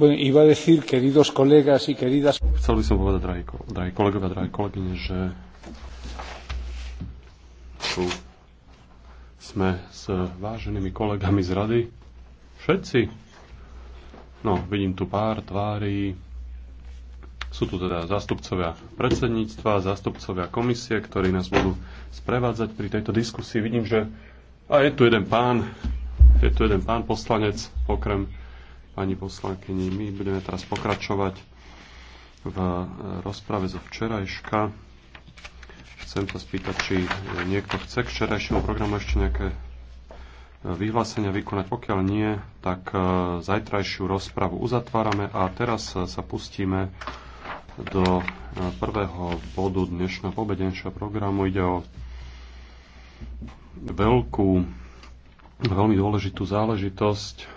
iba decir, queridos colegas y queridas... Chcel by som povedať, drahí, drahí kolegovia, drahé kolegyne, že tu sme s váženými kolegami z rady. Všetci. No, vidím tu pár tvári. Sú tu teda zástupcovia predsedníctva, zástupcovia komisie, ktorí nás budú sprevádzať pri tejto diskusii. Vidím, že... A je tu jeden pán, je tu jeden pán poslanec, okrem pani poslankyni. My budeme teraz pokračovať v rozprave zo včerajška. Chcem sa spýtať, či niekto chce k včerajšiemu programu ešte nejaké e, vyhlásenia vykonať. Pokiaľ nie, tak e, zajtrajšiu rozpravu uzatvárame a teraz e, sa pustíme do prvého bodu dnešného pobedenšieho programu. Ide o veľkú, veľmi dôležitú záležitosť